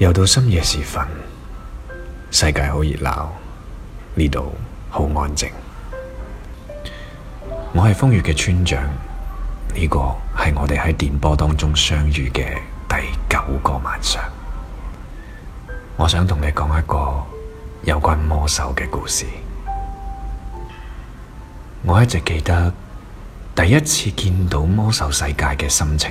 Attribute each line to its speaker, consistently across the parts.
Speaker 1: 又到深夜時分，世界好熱鬧，呢度好安靜。我係瘋粵嘅村長，呢個係我哋喺電波當中相遇嘅第九個晚上。我想同你講一個有關魔獸嘅故事。我一直記得第一次見到魔獸世界嘅心情。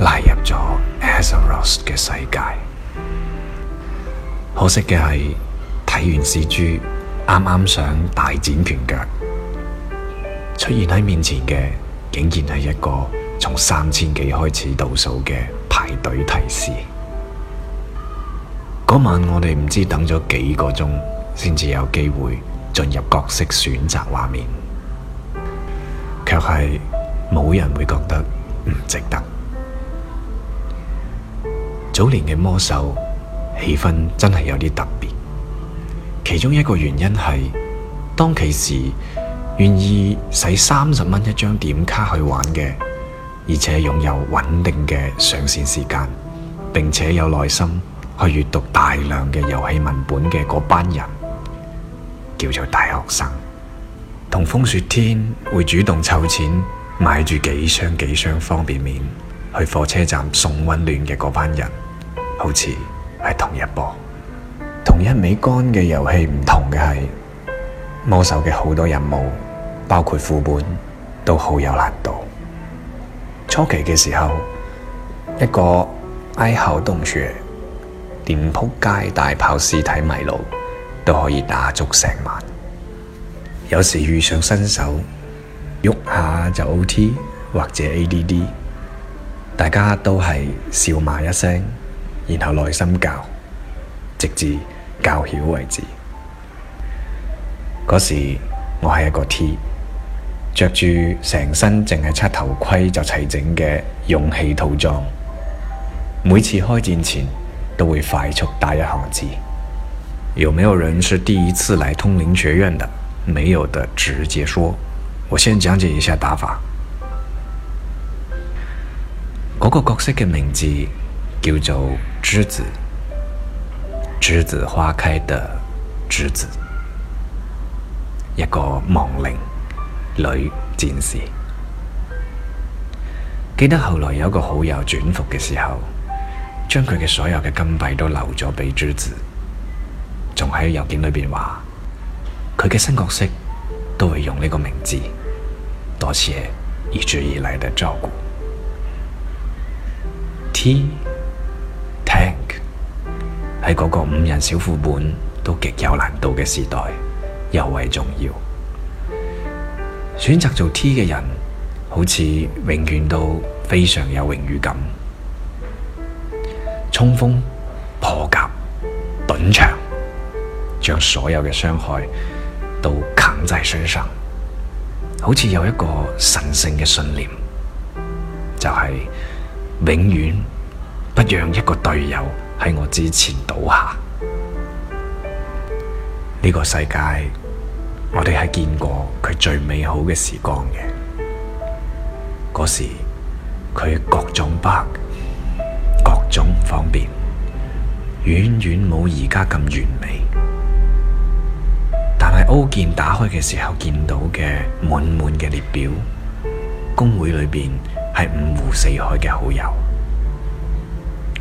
Speaker 1: 拉入咗艾澤拉斯嘅世界，可惜嘅係睇完 CG，啱啱想大展拳腳，出現喺面前嘅竟然係一個從三千幾開始倒數嘅排隊提示。嗰晚我哋唔知等咗幾個鐘，先至有機會進入角色選擇畫面，卻係冇人會覺得唔值得。早年嘅魔獸氣氛真係有啲特別，其中一個原因係，當其時願意使三十蚊一張點卡去玩嘅，而且擁有穩定嘅上線時間，並且有耐心去閱讀大量嘅遊戲文本嘅嗰班人，叫做大學生；同風雪天會主動湊錢買住幾箱幾箱方便麵去火車站送溫暖嘅嗰班人。好似係同一波。同一味肝嘅遊戲唔同嘅係，魔獸嘅好多任務，包括副本都好有難度。初期嘅時候，一個哀號洞穴連撲街帶跑屍體迷路都可以打足成晚。有時遇上新手，喐下就 O T 或者 A D D，大家都係笑罵一聲。然後耐心教，直至教曉為止。嗰時我係一個 T，着住成身淨係差頭盔就齊整嘅勇氣套裝。每次開戰前都會快速打一行字。有沒有人是第一次來通靈學院的？沒有的直接說。我先講解一下打法。嗰、那個角色嘅名字，叫做“梔子”，梔子花開的梔子，一個亡靈女戰士。記得後來有一個好友轉服嘅時候，將佢嘅所有嘅金幣都留咗俾梔子，仲喺郵件裏面話佢嘅新角色都會用呢個名字。多謝一直以來的照顧。T。喺嗰個五人小副本都極有難度嘅時代，尤為重要。選擇做 T 嘅人，好似永遠都非常有榮譽感，衝鋒、破甲、盾牆，將所有嘅傷害都扛在身上，好似有一個神聖嘅信念，就係、是、永遠不讓一個隊友，喺我之前倒下。呢個世界我哋係見過佢最美好嘅時光嘅。嗰時佢各種 bug，各種唔方便，遠遠冇而家咁完美。但係 O 鍵打開嘅時候見到嘅滿滿嘅列表，公會裏邊係五湖四海嘅好友。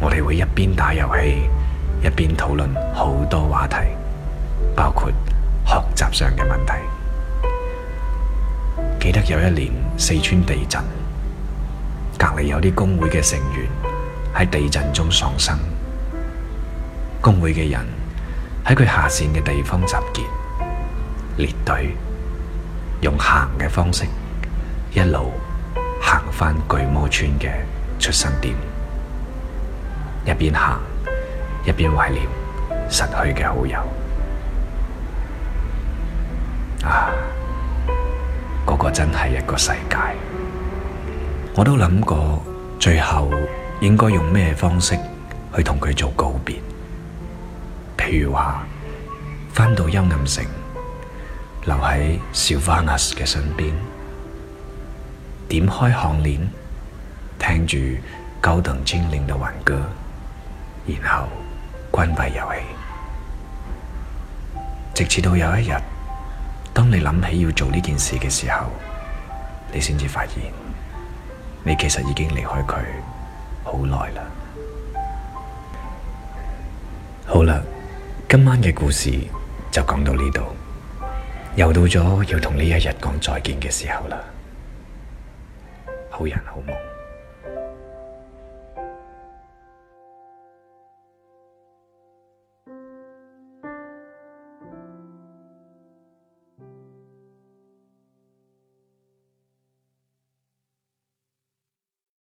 Speaker 1: 我哋會一邊打遊戲，一邊討論好多話題，包括學習上嘅問題。記得有一年四川地震，隔籬有啲公會嘅成員喺地震中喪生，公會嘅人喺佢下線嘅地方集結，列隊用行嘅方式一路行返巨魔村嘅出生點。一邊行一邊懷念失去嘅好友，啊，嗰、那個真係一個世界。我都諗過最後應該用咩方式去同佢做告別，譬如話返到幽暗城，留喺希爾瓦娜斯嘅身邊，點開項鏈，聽住高等精靈嘅輓歌。然後關閉遊戲，直至到有一日，當你諗起要做呢件事嘅時候，你先至發現你其實已經離開佢好耐啦。好啦，今晚嘅故事就講到呢度，又到咗要同呢一日講再見嘅時候啦。好人好夢。